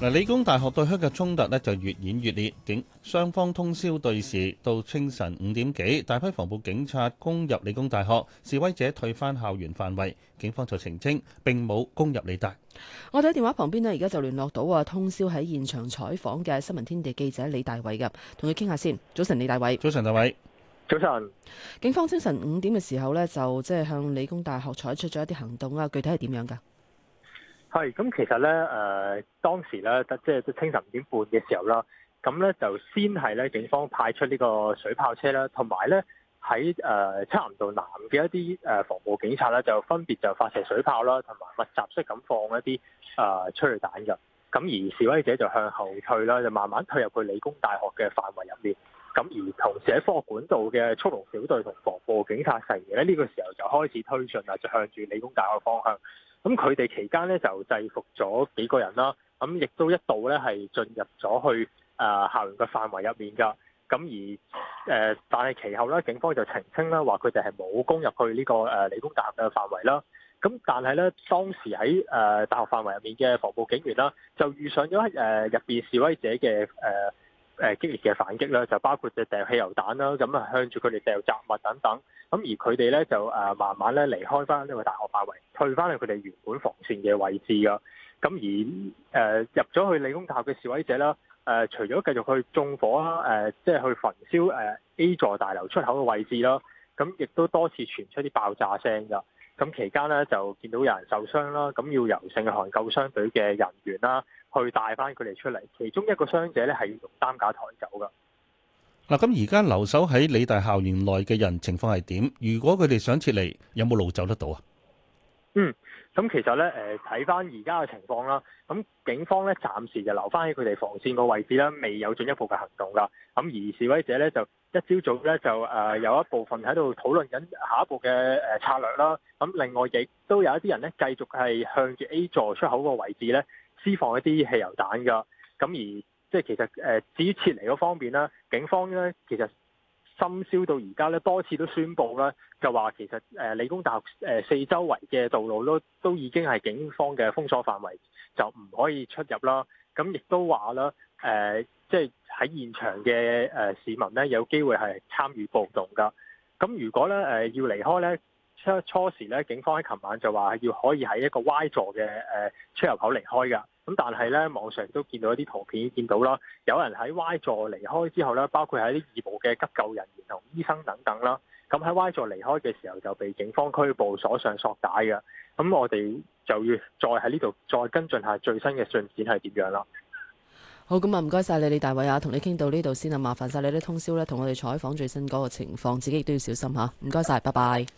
嗱，理工大學對開嘅衝突咧就越演越烈，警雙方通宵對峙，到清晨五點幾，大批防暴警察攻入理工大學，示威者退翻校園範圍，警方就澄清並冇攻入理大。我哋喺電話旁邊咧，而家就聯絡到啊通宵喺現場採訪嘅新聞天地記者李大煒嘅，同佢傾下先。早晨，李大煒。早晨，大煒。早晨。警方清晨五點嘅時候呢就即係向理工大學採取咗一啲行動啊，具體係點樣㗎？係，咁其實咧，誒、呃、當時咧，即係即清晨五點半嘅時候啦，咁咧就先係咧，警方派出呢個水炮車啦，同埋咧喺誒漆咸道南嘅一啲防暴警察咧，就分別就發射水炮啦，同埋密集式咁放一啲誒催淚彈㗎。咁而示威者就向後退啦，就慢慢退入去理工大學嘅範圍入面。咁而同時喺科學館度嘅速龍小隊同防暴警察陣嘅咧，呢、呢個時候就開始推進啦，就向住理工大學方向。咁佢哋期間咧就制服咗幾個人啦，咁亦都一度咧係進入咗去誒、呃、校園嘅範圍入面噶，咁而誒、呃，但係其後咧，警方就澄清啦，話佢哋係冇攻入去呢、這個誒、呃、理工大學嘅範圍啦。咁但係咧，當時喺誒、呃、大學範圍入面嘅防暴警員啦，就遇上咗誒入邊示威者嘅誒。呃誒激烈嘅反擊啦，就包括嘅掟汽油彈啦，咁啊向住佢哋掟雜物等等，咁而佢哋咧就慢慢咧離開翻呢個大學範圍，退翻去佢哋原本防線嘅位置噶。咁而誒入咗去理工大學嘅示威者啦，誒、呃、除咗繼續去縱火啦、呃，即係去焚燒 A 座大樓出口嘅位置啦，咁亦都多次傳出啲爆炸聲㗎。咁期間咧就見到有人受傷啦，咁要由聖約翰救傷隊嘅人員啦。去帶翻佢哋出嚟，其中一個傷者咧係用擔架抬走噶。嗱，咁而家留守喺理大校園內嘅人情況係點？如果佢哋想撤離，有冇路走得到啊？嗯，咁其實咧，誒，睇翻而家嘅情況啦。咁警方咧暫時就留翻喺佢哋防線個位置啦，未有進一步嘅行動啦。咁而示威者咧就一朝早咧就誒有一部分喺度討論緊下一步嘅誒策略啦。咁另外亦都有一啲人咧繼續係向住 A 座出口個位置咧。施放一啲汽油彈噶，咁而即係其實誒至於撤離嗰方面咧，警方咧其實深宵到而家咧多次都宣布啦，就話其實誒理工大學誒四周圍嘅道路都都已經係警方嘅封鎖範圍，就唔可以出入啦。咁亦都話啦，誒即係喺現場嘅誒市民呢，有機會係參與暴動噶。咁如果咧誒要離開咧。初初時咧，警方喺琴晚就話要可以喺一個 Y 座嘅誒出入口離開噶。咁但係咧，網上都見到一啲圖片，見到啦，有人喺 Y 座離開之後咧，包括係啲義務嘅急救人員同醫生等等啦。咁喺 Y 座離開嘅時候就被警方拘捕，鎖上索帶嘅。咁我哋就要再喺呢度再跟進下最新嘅進展係點樣啦。好咁啊，唔該晒你李大煒啊，同你傾到呢度先啊，麻煩晒你都通宵咧，同我哋採訪最新嗰個情況，自己亦都要小心吓。唔該晒，拜拜。